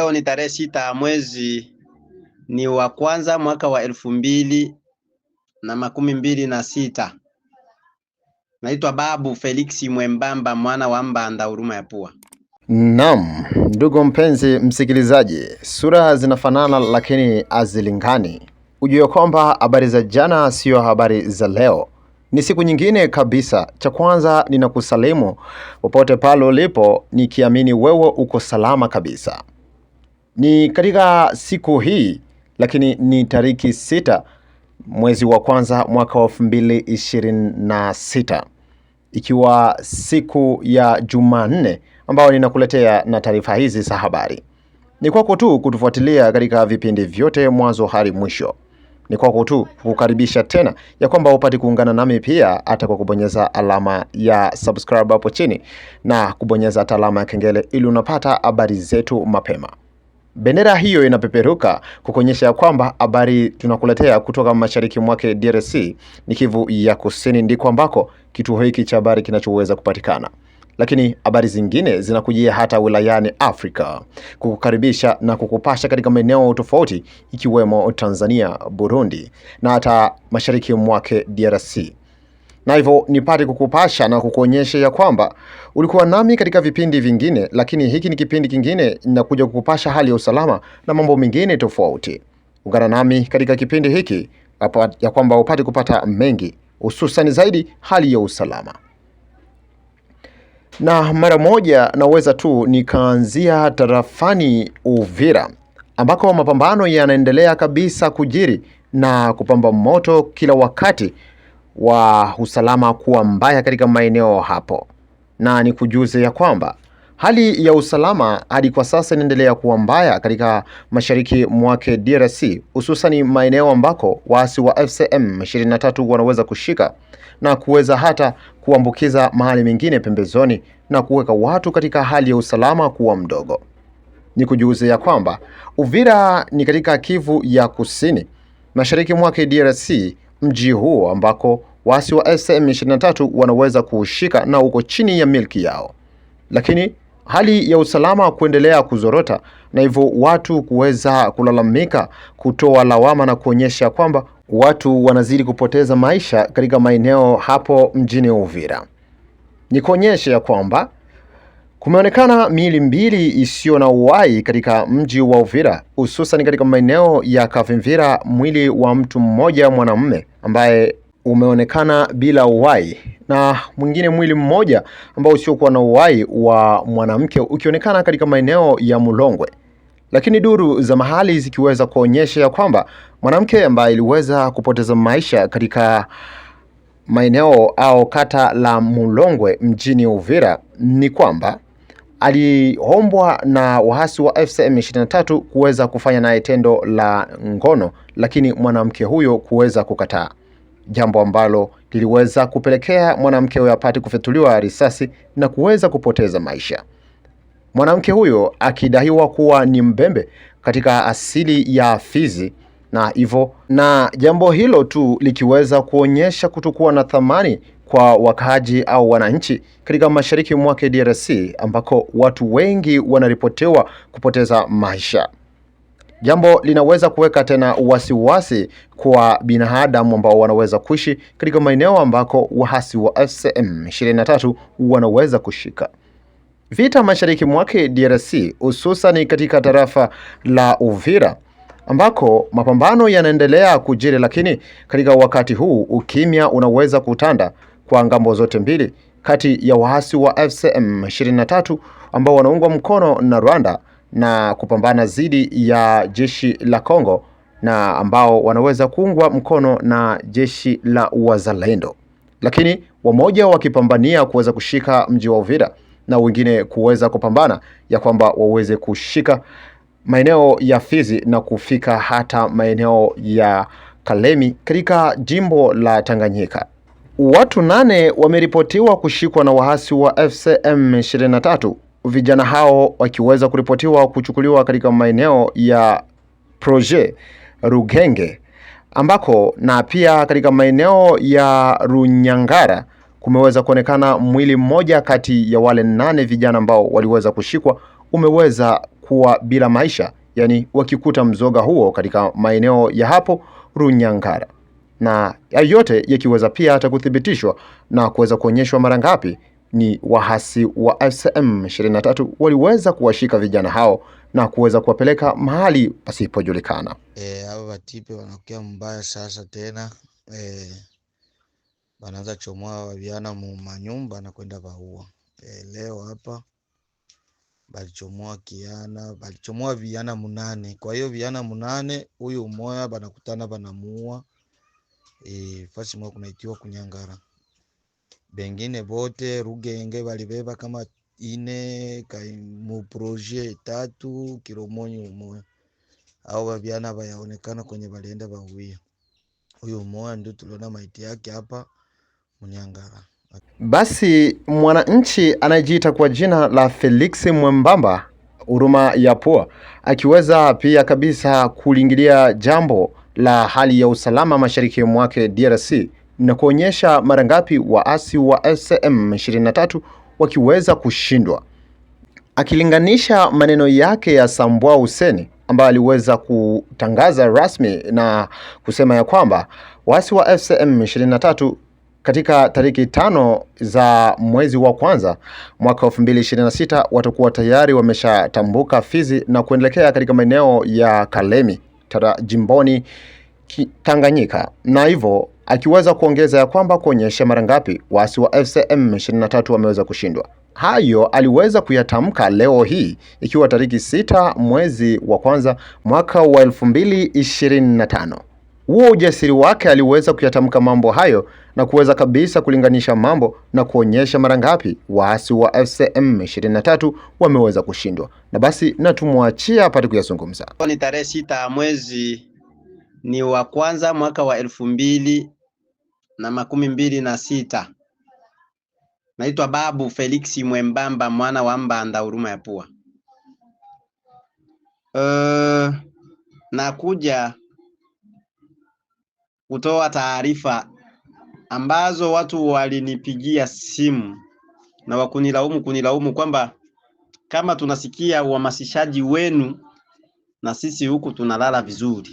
Leo ni tarehe sita mwezi ni wa kwanza mwaka wa elfu mbili na makumi mbili na sita. Naitwa Babu Felix Mwembamba mwana wa Mbanda huruma ya pua. Naam, ndugu mpenzi msikilizaji, sura zinafanana lakini hazilingani. Ujue kwamba habari za jana siyo habari za leo. Ni siku nyingine kabisa. Cha kwanza ninakusalimu popote pale ulipo, nikiamini wewe uko salama kabisa. Ni katika siku hii lakini ni tariki sita mwezi wa kwanza mwaka wa sita ikiwa siku ya Jumanne ambayo ninakuletea na taarifa hizi za habari. Ni kwako tu kutufuatilia katika vipindi vyote mwanzo hadi mwisho. Ni kwako tu kukaribisha tena ya kwamba upate kuungana nami pia hata kwa kubonyeza alama ya subscribe hapo chini na kubonyeza hata alama ya kengele ili unapata habari zetu mapema. Bendera hiyo inapeperuka kukuonyesha ya kwamba habari tunakuletea kutoka mashariki mwake DRC ni Kivu ya Kusini, ndiko ambako kituo hiki cha habari kinachoweza kupatikana lakini habari zingine zinakujia hata wilayani Afrika, kukukaribisha na kukupasha katika maeneo tofauti ikiwemo Tanzania, Burundi na hata mashariki mwake DRC na hivyo nipate kukupasha na kukuonyesha ya kwamba ulikuwa nami katika vipindi vingine, lakini hiki ni kipindi kingine, ninakuja kukupasha hali ya usalama na mambo mengine tofauti. Ungana nami katika kipindi hiki ya kwamba upate kupata mengi, hususan zaidi hali ya usalama. Na mara moja naweza tu nikaanzia tarafani Uvira ambako mapambano yanaendelea kabisa kujiri na kupamba moto kila wakati wa usalama kuwa mbaya katika maeneo hapo, na ni kujuze ya kwamba hali ya usalama hadi kwa sasa inaendelea kuwa mbaya katika mashariki mwake DRC, hususani maeneo ambako waasi wa FCM 23 wanaweza kushika na kuweza hata kuambukiza mahali mengine pembezoni na kuweka watu katika hali ya usalama kuwa mdogo. Ni kujuze ya kwamba Uvira ni katika Kivu ya Kusini, mashariki mwake DRC mji huo ambako waasi wa sm 23 wanaweza kuushika na uko chini ya milki yao, lakini hali ya usalama kuendelea kuzorota na hivyo watu kuweza kulalamika, kutoa lawama na kuonyesha kwamba watu wanazidi kupoteza maisha katika maeneo hapo mjini Uvira. Ni ya kwamba Kumeonekana miili mbili isiyo na uhai katika mji wa Uvira, hususan katika maeneo ya Kavimvira. Mwili wa mtu mmoja mwanamume ambaye umeonekana bila uhai na mwingine mwili mmoja ambao usiokuwa na uhai wa mwanamke ukionekana katika maeneo ya Mulongwe, lakini duru za mahali zikiweza kuonyesha ya kwamba mwanamke ambaye iliweza kupoteza maisha katika maeneo au kata la Mulongwe mjini Uvira ni kwamba aliombwa na waasi wa FCM 23 kuweza kufanya naye tendo la ngono, lakini mwanamke huyo kuweza kukataa, jambo ambalo liliweza kupelekea mwanamke huyo apate kufyatuliwa risasi na kuweza kupoteza maisha. Mwanamke huyo akidaiwa kuwa ni Mbembe katika asili ya Fizi na hivyo na jambo hilo tu likiweza kuonyesha kutokuwa na thamani kwa wakaaji au wananchi katika mashariki mwake DRC ambako watu wengi wanaripotiwa kupoteza maisha. Jambo linaweza kuweka tena wasiwasi kwa binadamu ambao wanaweza kuishi katika maeneo ambako waasi wa FCM 23 wanaweza kushika. Vita mashariki mwake DRC hususan katika tarafa la Uvira ambako mapambano yanaendelea kujiri, lakini katika wakati huu ukimya unaweza kutanda kwa ngambo zote mbili kati ya waasi wa FCM 23 ambao wanaungwa mkono na Rwanda na kupambana dhidi ya jeshi la Kongo na ambao wanaweza kuungwa mkono na jeshi la Wazalendo, lakini wamoja wakipambania kuweza kushika mji wa Uvira na wengine kuweza kupambana ya kwamba waweze kushika maeneo ya Fizi na kufika hata maeneo ya Kalemi katika jimbo la Tanganyika. Watu nane wameripotiwa kushikwa na waasi wa FCM 23, vijana hao wakiweza kuripotiwa kuchukuliwa katika maeneo ya proje Rugenge ambako na pia katika maeneo ya Runyangara kumeweza kuonekana mwili mmoja kati ya wale nane vijana ambao waliweza kushikwa umeweza kuwa bila maisha, yani wakikuta mzoga huo katika maeneo ya hapo Runyangara na hayo yote yakiweza pia hata kuthibitishwa na kuweza kuonyeshwa mara ngapi ni wahasi wa FCM 23 waliweza kuwashika vijana hao na kuweza kuwapeleka mahali pasipojulikana. E, hao e, Watipe wanakuwa mbaya sasa tena e, wanaanza chomoa vijana mu manyumba na kwenda vaua e, leo hapa balichomoa kiana balichomoa vijana munane. Kwa hiyo vijana munane huyu umoya banakutana banamuua e, fasi mwa kunaitiwa kunyangara bengine bote rugenge balibeba kama ine muproje tatu kilomonyi umoya au babiana bayaonekana kwenye balienda bahuia huyo umoya ndio tuliona maiti yake hapa Mnyangara. Basi mwananchi anayejiita kwa jina la Felix Mwembamba huruma ya pua akiweza pia kabisa kulingilia jambo la hali ya usalama mashariki mwake DRC na kuonyesha mara ngapi waasi wa sm 23 wakiweza kushindwa. Akilinganisha maneno yake ya Sambwa Huseni ambaye aliweza kutangaza rasmi na kusema ya kwamba waasi wa sm 23 katika tariki tano za mwezi wa kwanza mwaka 2026 watakuwa tayari wameshatambuka Fizi na kuelekea katika maeneo ya Kalemi tara jimboni Tanganyika, na hivyo akiweza kuongeza ya kwamba kuonyesha mara ngapi waasi wa FCM 23 wameweza kushindwa. Hayo aliweza kuyatamka leo hii ikiwa tariki sita mwezi wa kwanza mwaka wa 2025 huo ujasiri wake aliweza kuyatamka mambo hayo na kuweza kabisa kulinganisha mambo na kuonyesha mara ngapi waasi wa FCM 23 wameweza kushindwa, na basi natumwachia apate kuyazungumza. Ni tarehe sita mwezi ni wa kwanza mwaka wa elfu mbili na makumi mbili na sita. Naitwa Babu Felix Mwembamba mwana wa Mbanda huruma ya pua. Uh, nakuja kutoa taarifa ambazo watu walinipigia simu na wakunilaumu kunilaumu kwamba kama tunasikia uhamasishaji wenu na sisi huku tunalala vizuri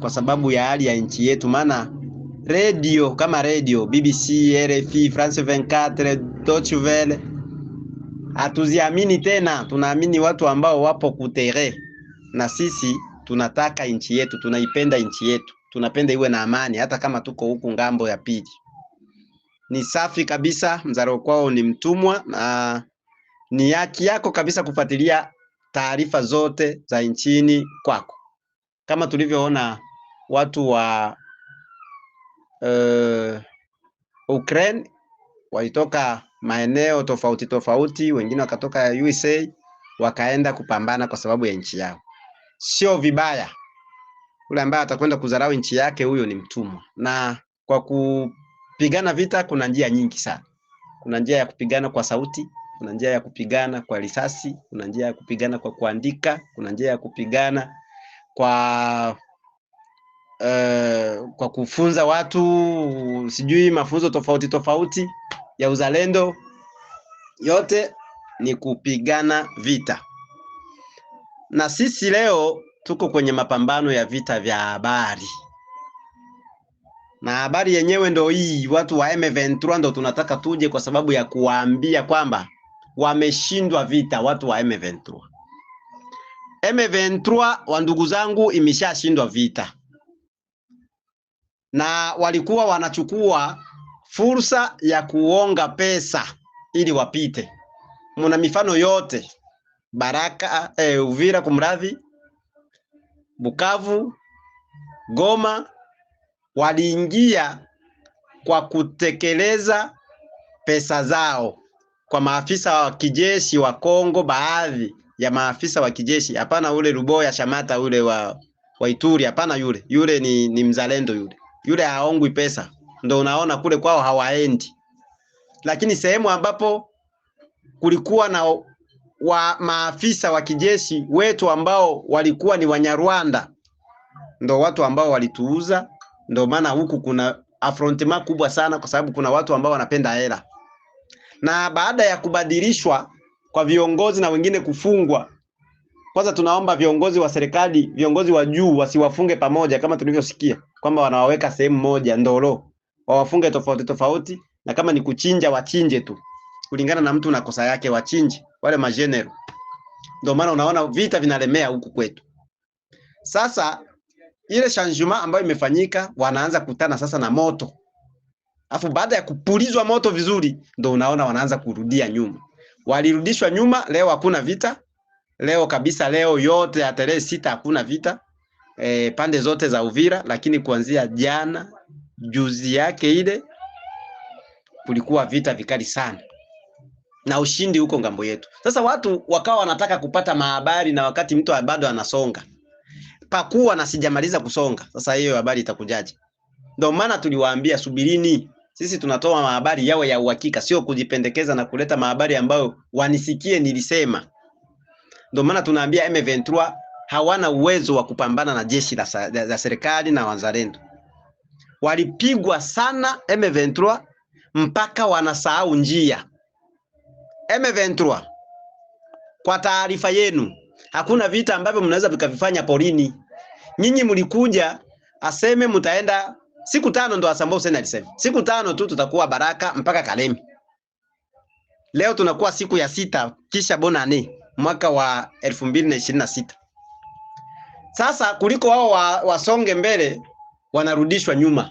kwa sababu ya hali ya nchi yetu, maana redio kama redio BBC, RFI, France 24, Deutsche Welle hatuziamini tena, tunaamini watu ambao wapo kutere, na sisi tunataka nchi yetu, tunaipenda nchi yetu tunapenda iwe na amani, hata kama tuko huku ngambo ya pili. Ni safi kabisa, mzaro kwao ni mtumwa na ni haki yako kabisa kufuatilia taarifa zote za nchini kwako, kama tulivyoona watu wa uh, Ukraine walitoka maeneo tofauti tofauti, wengine wakatoka USA wakaenda kupambana kwa sababu ya nchi yao. Sio vibaya ule ambaye atakwenda kudharau nchi yake, huyo ni mtumwa. Na kwa kupigana vita kuna njia nyingi sana. Kuna njia ya kupigana kwa sauti, kuna njia ya kupigana kwa risasi, kuna njia ya kupigana kwa kuandika, kuna njia ya kupigana kwa uh, kwa kufunza watu sijui mafunzo tofauti tofauti ya uzalendo. Yote ni kupigana vita, na sisi leo tuko kwenye mapambano ya vita vya habari, na habari yenyewe ndo hii. Watu wa M23 ndo tunataka tuje, kwa sababu ya kuwaambia kwamba wameshindwa vita. Watu wa M23, M23 wa ndugu zangu, imeshashindwa vita, na walikuwa wanachukua fursa ya kuonga pesa ili wapite. Muna mifano yote Baraka eh, Uvira kumradhi Bukavu, Goma waliingia kwa kutekeleza pesa zao kwa maafisa wa kijeshi wa Kongo, baadhi ya maafisa wa kijeshi hapana, ule ruboya Shamata ule wa, wa Ituri hapana, yule yule ni, ni mzalendo yule yule haongwi pesa, ndo unaona kule kwao hawaendi, lakini sehemu ambapo kulikuwa na wa maafisa wa kijeshi wetu ambao walikuwa ni Wanyarwanda ndo watu ambao walituuza. Ndo maana huku kuna afrontema kubwa sana, kwa sababu kuna watu ambao wanapenda hela. Na baada ya kubadilishwa kwa viongozi na wengine kufungwa, kwanza tunaomba viongozi wa serikali, viongozi wa juu wasiwafunge pamoja, kama tulivyosikia kwamba wanawaweka sehemu moja ndolo, wawafunge tofauti tofauti, na kama ni kuchinja wachinje tu kulingana na mtu na kosa yake, wachinje wale majenero. Ndio maana unaona vita vinalemea huku kwetu. Sasa ile shanjuma ambayo imefanyika, wanaanza kutana sasa na moto, afu baada ya kupulizwa moto vizuri, ndio unaona wanaanza kurudia nyuma. Walirudishwa nyuma, leo hakuna vita, leo kabisa, leo yote ya tarehe sita hakuna vita e, pande zote za Uvira, lakini kuanzia jana juzi yake ile kulikuwa vita vikali sana na ushindi huko ngambo yetu. Sasa watu wakawa wanataka kupata mahabari na wakati mtu bado anasonga pakuwa na sijamaliza kusonga. Sasa hiyo habari itakujaje? Ndio maana tuliwaambia subirini, sisi tunatoa mahabari yawe ya uhakika, sio kujipendekeza na kuleta mahabari ambayo wanisikie nilisema. Ndio maana tunaambia M23 hawana uwezo wa kupambana na jeshi la, la serikali na wazalendo. Walipigwa sana M23 mpaka wanasahau njia M23, kwa taarifa yenu, hakuna vita ambavyo mnaweza vikavifanya porini. Nyinyi mlikuja aseme mtaenda siku tano, ndo Hassan Hussein alisema siku tano tu tutakuwa Baraka mpaka Kalemi. Leo tunakuwa siku ya sita kisha Bonane mwaka wa elfu mbili na ishirini na sita. Sasa kuliko wao wasonge wa mbele, wanarudishwa nyuma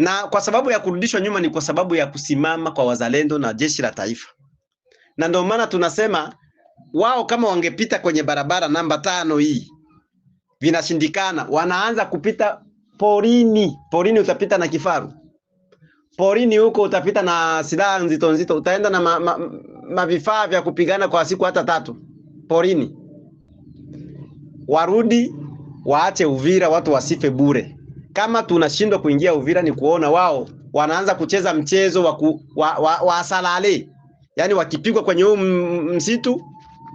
na kwa sababu ya kurudishwa nyuma ni kwa sababu ya kusimama kwa wazalendo na jeshi la taifa, na ndio maana tunasema wao kama wangepita kwenye barabara namba tano hii, vinashindikana. Wanaanza kupita porini. Porini utapita na kifaru, porini huko utapita na silaha nzito nzito, utaenda na ma, ma, vya kupigana kwa siku hata tatu porini. Warudi waache Uvira, watu wasife bure kama tunashindwa kuingia Uvira ni kuona wao wanaanza kucheza mchezo wa, wa, wa, wa asalale, yaani wakipigwa kwenye huu msitu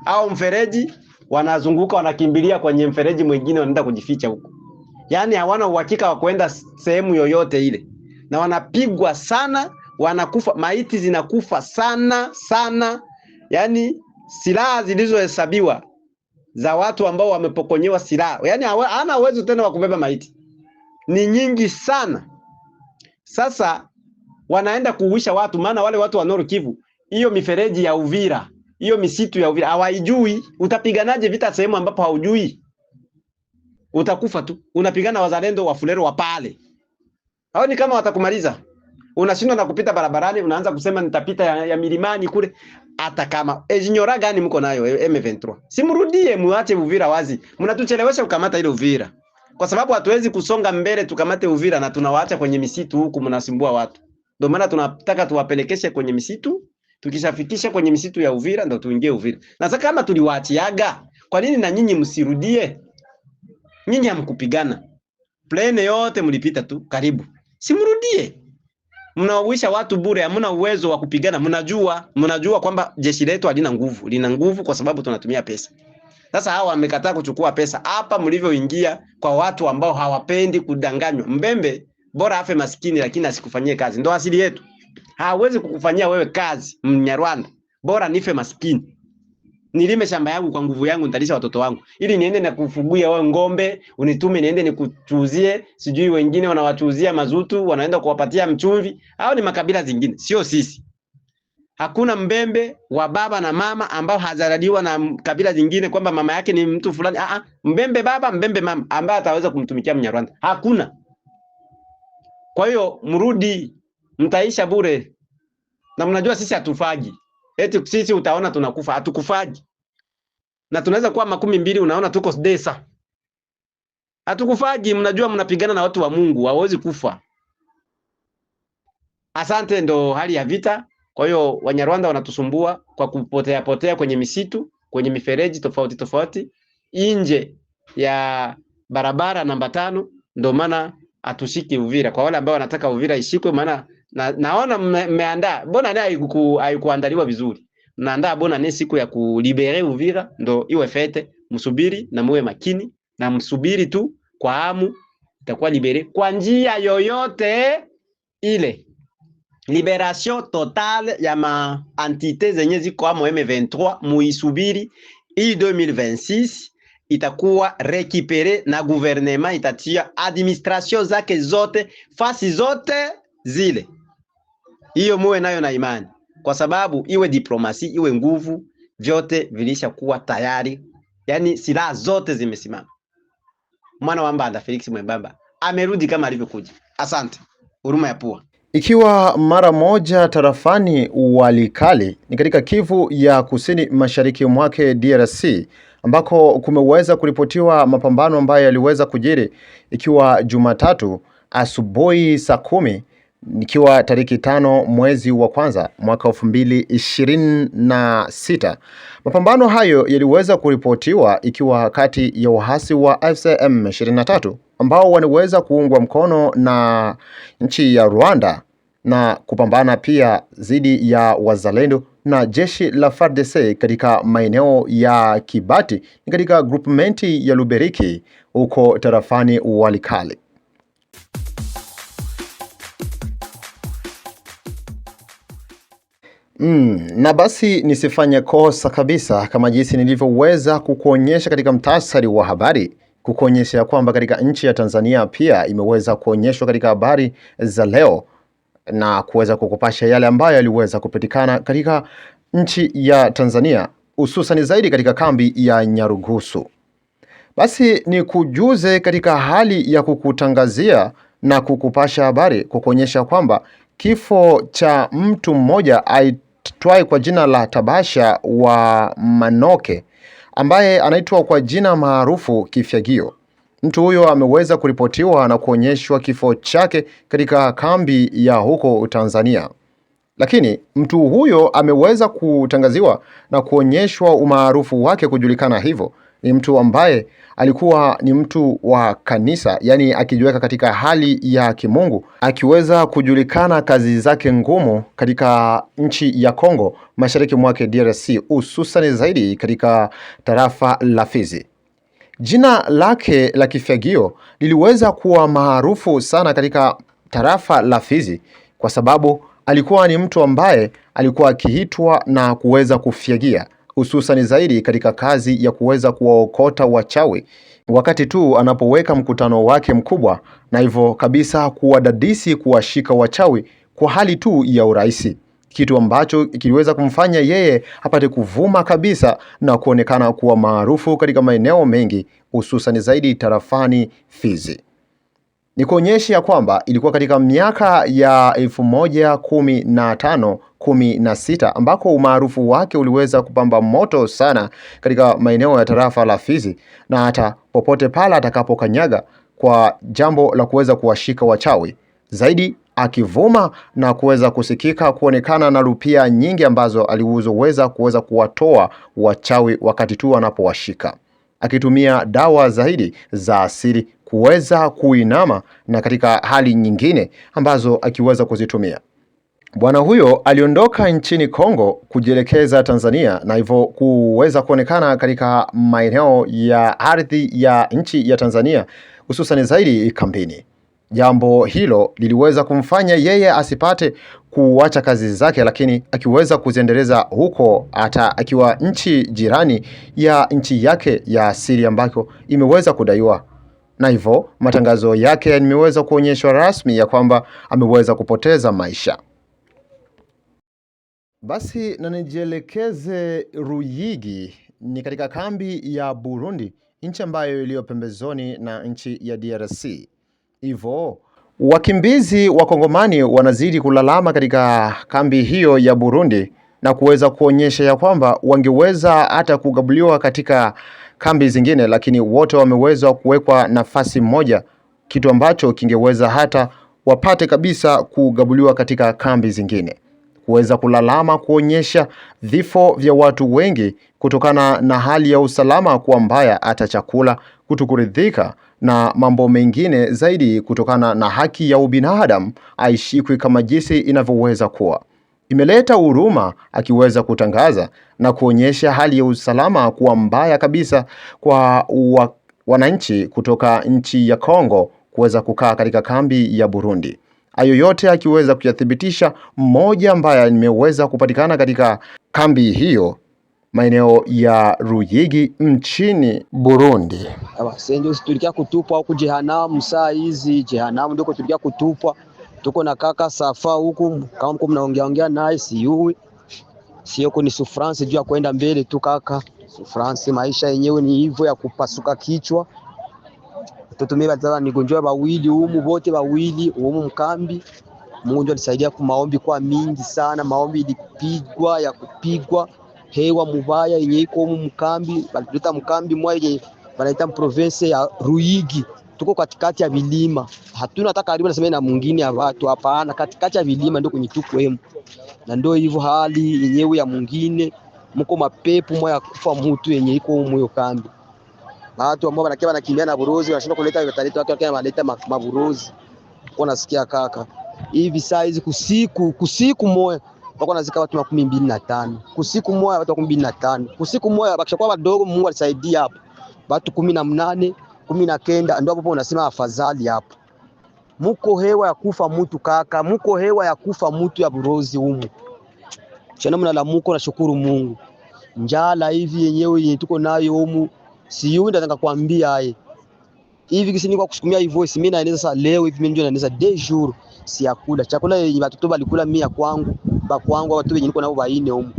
au mfereji wanazunguka wanakimbilia kwenye mfereji mwingine, wanaenda kujificha huko. Yaani hawana uhakika wa kwenda sehemu yoyote ile, na wanapigwa sana, wanakufa, maiti zinakufa sana sana. Yaani silaha zilizohesabiwa za watu ambao wamepokonyewa silaha, yaani hana uwezo tena wa kubeba maiti ni nyingi sana. Sasa wanaenda kuhuisha watu, maana wale watu wa Nord Kivu, hiyo mifereji ya Uvira, hiyo misitu ya Uvira hawaijui. Utapiganaje vita sehemu ambapo haujui? Utakufa tu, unapigana wazalendo wa Fulero wa pale, hao ni kama watakumaliza. Unashindwa na kupita barabarani, unaanza kusema nitapita ya, ya milimani kule. Hata kama ejinyora eh, gani mko nayo M23, simrudie, muache Uvira wazi, mnatuchelewesha kukamata ile Uvira kwa sababu hatuwezi kusonga mbele tukamate Uvira na tunawaacha kwenye misitu huku, mnasumbua watu. Ndio maana tunataka tuwapelekeshe kwenye misitu, tukishafikisha kwenye misitu ya Uvira ndio tuingie Uvira. Na sasa kama tuliwaachiaga, kwa nini na nyinyi msirudie? Nyinyi hamkupigana, plane yote mlipita tu karibu, simrudie. Mnauisha watu bure, hamna uwezo wa kupigana. Mnajua, mnajua kwamba jeshi letu halina nguvu, lina nguvu kwa sababu tunatumia pesa. Sasa hawa wamekataa kuchukua pesa. Hapa mlivyoingia kwa watu ambao hawapendi kudanganywa. Mbembe bora afe maskini, lakini asikufanyie kazi. Ndio asili yetu. Hawezi kukufanyia wewe kazi, Mnyarwanda. Bora nife maskini. Nilime shamba yangu kwa nguvu yangu, nitalisha watoto wangu. Ili niende na kufugia wao ng'ombe, unitume niende nikuchuzie, sijui wengine wanawachuzia mazutu, wanaenda kuwapatia mchumvi. Hao ni makabila zingine, sio sisi. Hakuna mbembe wa baba na mama ambao hazaradiwa na kabila zingine kwamba mama yake ni mtu fulani. Aa, ah, ah, mbembe baba, mbembe mama ambaye ataweza kumtumikia Mnyarwanda hakuna. Kwa hiyo mrudi, mtaisha bure, na mnajua sisi hatufagi, Eti sisi utaona tunakufa, hatukufagi na tunaweza kuwa makumi mbili, unaona tuko desa, hatukufagi. Mnajua mnapigana na watu wa Mungu, hawawezi kufa. Asante, ndo hali ya vita. Kwa hiyo Wanyarwanda wanatusumbua kwa kupotea potea kwenye misitu, kwenye mifereji tofauti tofauti, nje ya barabara namba tano. Ndio maana atushiki Uvira. Kwa wale ambao wanataka Uvira ishikwe, maana na, naona mmeandaa mbona naye haiku, haikuandaliwa vizuri. Mnaandaa bona ni siku ya kulibere Uvira ndo iwe fete, msubiri na muwe makini na msubiri tu kwa hamu, itakuwa libere kwa njia yoyote ile liberation totale ya maantite zenye ziko amo M23 muisubiri, hii 2026 itakuwa rekipere na guvernema itatia administration zake zote fasi zote zile. Hiyo muwe nayo na imani, kwa sababu iwe diplomasi iwe nguvu, vyote vilishakuwa tayari, yani silaha zote zimesimama. Mwana wa Mbanda Felix Mwembamba amerudi kama alivyokuja. Asante. Huruma ya pua ikiwa mara moja tarafani Walikale ni katika Kivu ya kusini mashariki mwake DRC ambako kumeweza kuripotiwa mapambano ambayo yaliweza kujiri ikiwa Jumatatu asubuhi saa kumi ikiwa tariki tano mwezi wa kwanza mwaka elfu mbili ishirini na sita. Mapambano hayo yaliweza kuripotiwa ikiwa kati ya waasi wa FCM 23 ambao wanaweza kuungwa mkono na nchi ya Rwanda na kupambana pia dhidi ya wazalendo na jeshi la FARDC katika maeneo ya Kibati katika grupmenti ya Luberiki huko tarafani Walikale. Mm, na basi nisifanye kosa kabisa kama jinsi nilivyoweza kukuonyesha katika mtasari wa habari kukuonyesha kwamba katika nchi ya Tanzania pia imeweza kuonyeshwa katika habari za leo na kuweza kukupasha yale ambayo yaliweza kupatikana katika nchi ya Tanzania hususani zaidi katika kambi ya Nyarugusu. Basi ni kujuze katika hali ya kukutangazia na kukupasha habari kukuonyesha kwamba kifo cha mtu mmoja aitwaye kwa jina la Tabasha wa Manoke ambaye anaitwa kwa jina maarufu Kifyagio. Mtu huyo ameweza kuripotiwa na kuonyeshwa kifo chake katika kambi ya huko Tanzania, lakini mtu huyo ameweza kutangaziwa na kuonyeshwa umaarufu wake kujulikana hivyo ni mtu ambaye alikuwa ni mtu wa kanisa, yaani akijiweka katika hali ya kimungu, akiweza kujulikana kazi zake ngumu katika nchi ya Kongo mashariki mwake DRC, hususani zaidi katika tarafa la Fizi. Jina lake la kifyagio liliweza kuwa maarufu sana katika tarafa la Fizi kwa sababu alikuwa ni mtu ambaye alikuwa akiitwa na kuweza kufyagia hususani zaidi katika kazi ya kuweza kuwaokota wachawi wakati tu anapoweka mkutano wake mkubwa, na hivyo kabisa kuwadadisi kuwashika wachawi kwa hali tu ya urahisi, kitu ambacho kiliweza kumfanya yeye apate kuvuma kabisa na kuonekana kuwa maarufu katika maeneo mengi hususani zaidi tarafani Fizi ni kuonyesha ya kwamba ilikuwa katika miaka ya elfu moja kumi na tano kumi na sita ambako umaarufu wake uliweza kupamba moto sana katika maeneo ya tarafa la Fizi na hata popote pale atakapokanyaga kwa jambo la kuweza kuwashika wachawi zaidi akivuma na kuweza kusikika kuonekana na rupia nyingi ambazo aliuzoweza kuweza kuwatoa wachawi wakati tu anapowashika akitumia dawa zaidi za asili kuweza kuinama na katika hali nyingine ambazo akiweza kuzitumia. Bwana huyo aliondoka nchini Kongo kujielekeza Tanzania na hivyo kuweza kuonekana katika maeneo ya ardhi ya nchi ya Tanzania hususani zaidi kambini. Jambo hilo liliweza kumfanya yeye asipate kuacha kazi zake, lakini akiweza kuziendeleza huko, hata akiwa nchi jirani ya nchi yake ya asili ambako imeweza kudaiwa na hivyo matangazo yake yameweza kuonyeshwa rasmi ya kwamba ameweza kupoteza maisha. Basi na nijielekeze Ruyigi, ni katika kambi ya Burundi, nchi ambayo iliyo pembezoni na nchi ya DRC hivyo wakimbizi wakongomani wanazidi kulalama katika kambi hiyo ya Burundi na kuweza kuonyesha ya kwamba wangeweza hata kugabuliwa katika kambi zingine, lakini wote wameweza kuwekwa nafasi moja, kitu ambacho kingeweza hata wapate kabisa kugabuliwa katika kambi zingine, kuweza kulalama kuonyesha vifo vya watu wengi kutokana na hali ya usalama kuwa mbaya, hata chakula kutokuridhika na mambo mengine zaidi kutokana na haki ya ubinadamu aishikwi kama jinsi inavyoweza kuwa. Imeleta huruma akiweza kutangaza na kuonyesha hali ya usalama kuwa mbaya kabisa kwa wa, wananchi kutoka nchi ya Kongo kuweza kukaa katika kambi ya Burundi. Hayo yote akiweza kuyathibitisha, mmoja ambaye nimeweza kupatikana katika kambi hiyo maeneo ya Ruyigi nchini Burundi. Abasengi tulikia kutupwa huku jehanamu, saa hizi jehanamu ndiko tulikia kutupwa. Tuko na kaka Safa huku, kama mko mnaongea ongea naye siui sio kuni sufrance juu ya kwenda mbele tu kaka sufrance. Maisha yenyewe ni hivyo ya kupasuka kichwa. Tutumie ni gonjwa bawili humu bote bawili humu mkambi. Mungu alisaidia kwa maombi kwa mingi sana, maombi ilipigwa ya kupigwa hewa mubaya yenye iko humu mkambi, baleta mkambi mwa yenye banaita province ya Ruigi. Tuko katikati ya vilima, hatuna hata karibu nasema na mwingine ya watu hapana, katikati ya vilima ndio kwenye tuko hemu, na ndio hivyo hali yenyewe ya mwingine, mko mapepo mwa ya kufa mtu yenye iko humu hiyo kambi. Watu ambao wanakiwa wanakimbia na burozi wanashinda kuleta wataleta watu wakiwa wanaleta maburozi, kwa nasikia kaka hivi saa hizi kusiku kusiku moyo walikuwa nazika watu makumi mbili na tano kusiku moja, watu makumi mbili na tano kusiku moja, bakishakuwa wadogo. Mungu alisaidia hapo watu kumi na mnane kumi na kenda ndio hapo unasema afadhali hapo. Muko hewa ya kufa mtu kaka, muko hewa ya kufa mtu ya burozi humu chana, mna la muko na shukuru Mungu. Njala hivi yenyewe yenye tuko nayo humu, siyui ndataka kuambia hivi kisi ni kwa kusukumia hivyo, voice mimi naeleza sasa leo hivi mimi ndio naeleza de jour siakula chakula yenye watoto walikula mimi ya kwangu ba kwangu watu wenye niko nao baine huko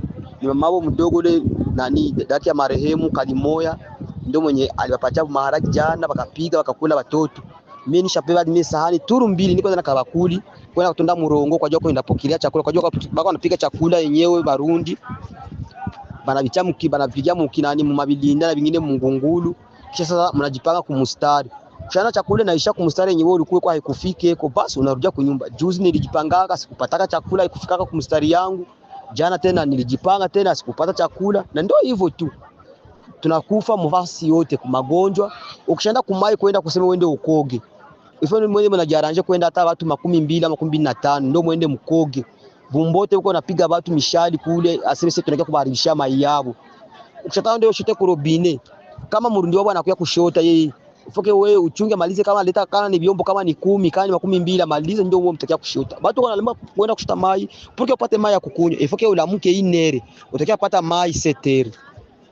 ni mama wao mdogo ile nani dati ya marehemu Kalimoya ndio mwenye aliwapatia maharage jana, wakapiga wakakula watoto. Mimi nishapewa mimi sahani turu mbili, niko na kabakuli kwenda kutonda murongo kwa joko ndapokilia chakula kwa joko bako anapika chakula yenyewe Barundi bana vichamu kibana vijamu kinani mumabilinda na vingine mungungulu. Kisha sasa mnajipanga kumustari chana chakula naisha kumstari yenyewe ulikuwa kwa haikufike iko basi, unarudia kunyumba. Juzi nilijipangaka sikupataka chakula, ikufikaka kumstari yangu. Jana tena nilijipanga tena sikupata chakula, na ndio hivyo tu tunakufa mvasi yote kwa magonjwa. Ukishaenda kumai kwenda kusema uende ukoge ifo ni mwende mnajaranje kwenda hata watu makumi mbili ama kumi na tano ndio mwende mkoge vumbote huko, napiga watu mishali kule, aseme sisi tunakia kubaribisha mai yao. Ukishatao ndio shote kurobine kama murundi wao anakuya kushota yeye ufoke wewe uchunge malize, kama leta kana ni vyombo kama ni kumi kana ni makumi mbili malize, ndio wewe mtakia kushuta Watu kana kwenda kushuta mai upoke upate mai ya kukunywa, ifoke ulamke inere utakia pata mai seteri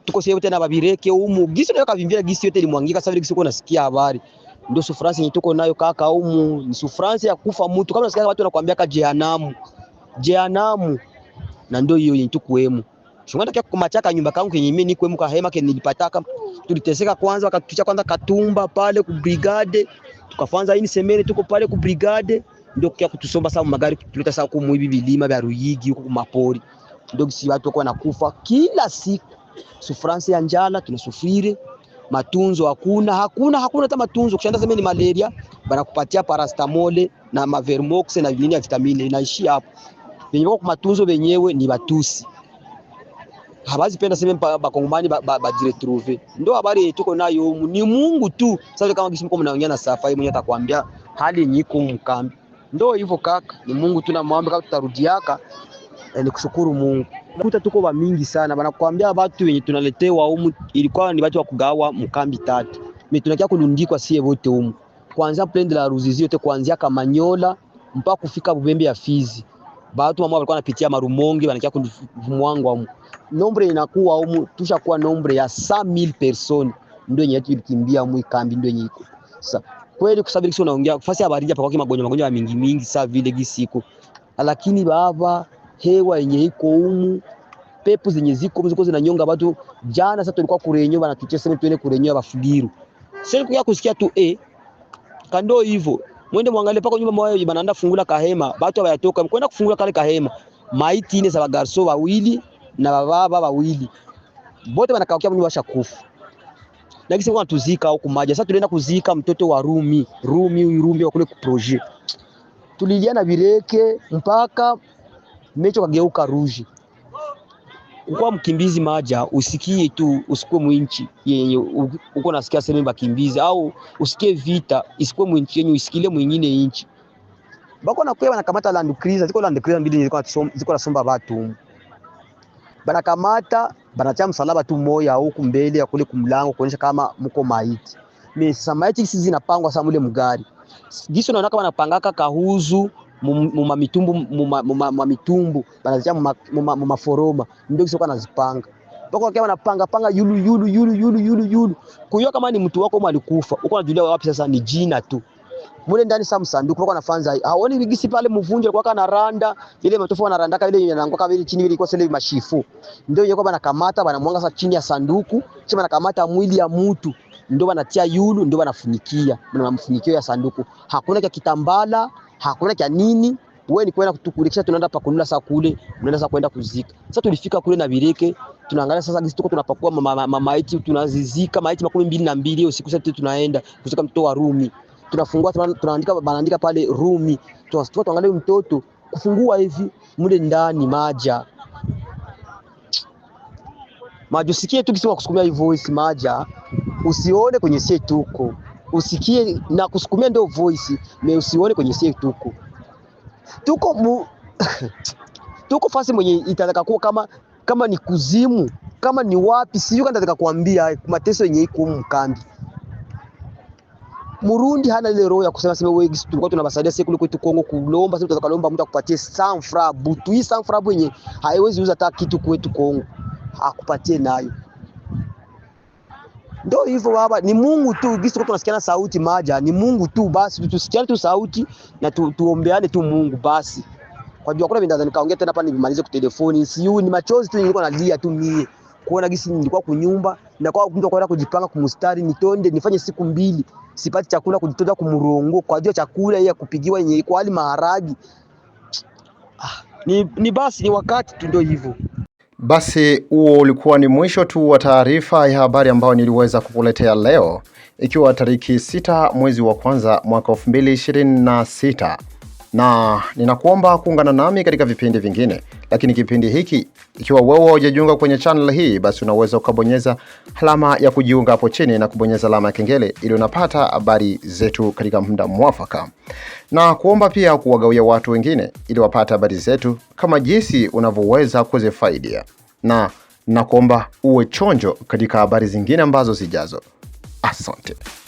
tuko sio tena babireke umu gisi ndio kavimbia gisi yote limwangika safari gisi uko nasikia habari ndio sufransi yenye tuko nayo kaka, umu ni sufransi ya kufa mtu, kama nasikia watu wanakuambia ka jehanamu jehanamu, na ndio hiyo yenye tukuemu kia kumachaka nyumba kangu kwenye mimi ni kwemu hema kenye nilipataka. Tuliteseka kwanza wakatutisha kwanza Katumba pale ku brigade. Tukafanza hii semene tuko pale ku brigade ndio kia kutusomba sawa magari tuleta sawa kumuibi vilima vya Ruyigi huko kumapori. Ndio kisi watu wako wanakufa kila siku. Sufransi ya njala tunasufiri. Matunzo hakuna, hakuna, hakuna hata matunzo. Kushanda semene ni malaria, kupatia parastamole na mavermoxe na vinini ya vitamine. Inaishi hapo. Wenye kwa matunzo wenyewe ni batusi habazipenda seme bakongomani bajiretrouve ba, ba, ndo habari tuko nayo. Ni Mungu tu sasa, kama kishimko mko mnaongea na safari mwenye atakwambia hali nyiko mkambi, ndo hivyo kaka, ni Mungu tu na mwambe, kama tutarudiaka eh, ni kushukuru Mungu. Kuta tuko ba mingi sana, bana banakwambia watu wenye tunaletewa humu ilikuwa ni watu wa kugawa mkambi tatu, mimi tunakia kunundikwa sie wote humu, kuanzia plende la Ruzizi yote kuanzia Kamanyola mpaka kufika Bubembe ya Fizi, watu ambao walikuwa wanapitia Marumonge wanakia kumwangwa humu nombre inakuwa umu tusha kuwa nombre ya 100000 person ndio yenye tulikimbia mwi kambi ndio yenye iko sasa kweli kusabiri kisi unaongea fasi ya baridi hapa kwa magonjwa magonjwa mingi mingi saa vile gisiko lakini baba hewa yenye iko umu pepo zenye ziko mziko zinanyonga watu jana sasa tulikuwa kurenyo bana tuche sema tuende kurenyo bafugiru sasa kuya kusikia tu eh kando hivyo mwende mwangalie pako nyumba mwao banaenda fungula kahema watu hayatoka mkwenda kufungula kale kahema maiti ine za bagarso wawili na baba wawili bote wanakaukia mimi washakufa na kisi kwa tuzika huko maji. Sasa tulienda kuzika mtoto wa Rumi, Rumi huyu Rumi wa kule ku projet. Tulilia na bireke mpaka mecho kageuka ruji. Kwa mkimbizi maja, usikie tu, usikue mwinchi yenye uko nasikia sema mbakimbizi au usikie vita, isikue mwinchi yenye usikile mwingine inchi. Bako nakuwa wanakamata land cruiser, ziko land cruiser mbili ziko ziko nasomba watu banakamata banatia msalaba tu moya huku mbele ya kule kumlango kuonyesha kama mko maiti. Mimi sasa maiti hizi zinapangwa sasa mule mgari. Gisi naona kama wanapangaka kahuzu mwa mwa mitumbu mitumbu mumamitumbu mwa maforoma ndio kisoka nazipanga. Wako wakiwa wanapanga panga yulu yulu yulu yulu yulu yulu. Kuyo kama ni mtu wako mwalikufa. uko unajulia wapi sasa? Ni jina tu mule ndani samu sanduku kwa nafanza haoni vigisi pale mvunje kwa kana randa ile matofu na randa ile yanangwa kama ile chini ile kwa sele mashifu ndio yeye kwa banakamata banamwanga sa chini ya sanduku chini nakamata mwili ya mtu ndio banatia yulu ndio banafunikia na mafunikio ya sanduku hakuna kia kitambala hakuna kia nini wewe ni kwenda kutukulikisha tunaenda pa sa kule unaenda sa kwenda kuzika sasa tulifika kule na bireke tunaangalia sasa gisi tuko tunapakua mamaiti tunazizika maiti makumi mbili na mbili usiku sasa tunaenda kuzika mtoto wa Rumi tunafungua tunaandika, banaandika pale Rumi, tunastua tuangalie mtoto kufungua hivi mule ndani maja maji, usikie tu kisema kusukumia hii voice maja, usione kwenye sie tuko, usikie na kusukumia ndio voice me, usione kwenye sie tuko tuko mu, tuko fasi mwenye itataka kuwa kama kama ni kuzimu kama ni wapi sijui, kanataka kuambia mateso yenye iko mkambi Murundi hana ile roho ya kusema sema wewe tulikuwa tunabasaidia sisi kule kwetu Kongo kulomba, sisi lomba mtu akupatie 100 francs butu, hii 100 francs yenye haiwezi uza hata kitu kwetu Kongo, akupatie nayo. Ndio hivyo baba, ni Mungu tu, gisi tuko tunasikiana sauti maja, ni Mungu tu basi, tusikiane tu sauti na tu, tuombeane tu Mungu basi. Kwa jua kuna binadamu nikaongea tena hapa, nimalize kutelefoni, siyo ni machozi tu nilikuwa nalia tu mie kuona gisi nilikuwa kunyumba na kwa mtu kwenda kujipanga kumustari, nitonde nifanye siku mbili sipati chakula kujitoza kumrongo kwa ajili chakula ya kupigiwa yenye iko hali maharagi ah, ni, ni basi ni wakati tu ndio hivyo. Basi huo ulikuwa ni mwisho tu wa taarifa ya habari ambayo niliweza kukuletea leo, ikiwa tariki sita mwezi wa kwanza mwaka 2026 na ninakuomba kuungana nami katika vipindi vingine lakini kipindi hiki, ikiwa wewe hujajiunga kwenye channel hii, basi unaweza ukabonyeza alama ya kujiunga hapo chini na kubonyeza alama ya kengele ili unapata habari zetu katika muda mwafaka, na kuomba pia kuwagawia watu wengine ili wapate habari zetu kama jinsi unavyoweza kuzifaidia, na na kuomba uwe chonjo katika habari zingine ambazo zijazo. Asante.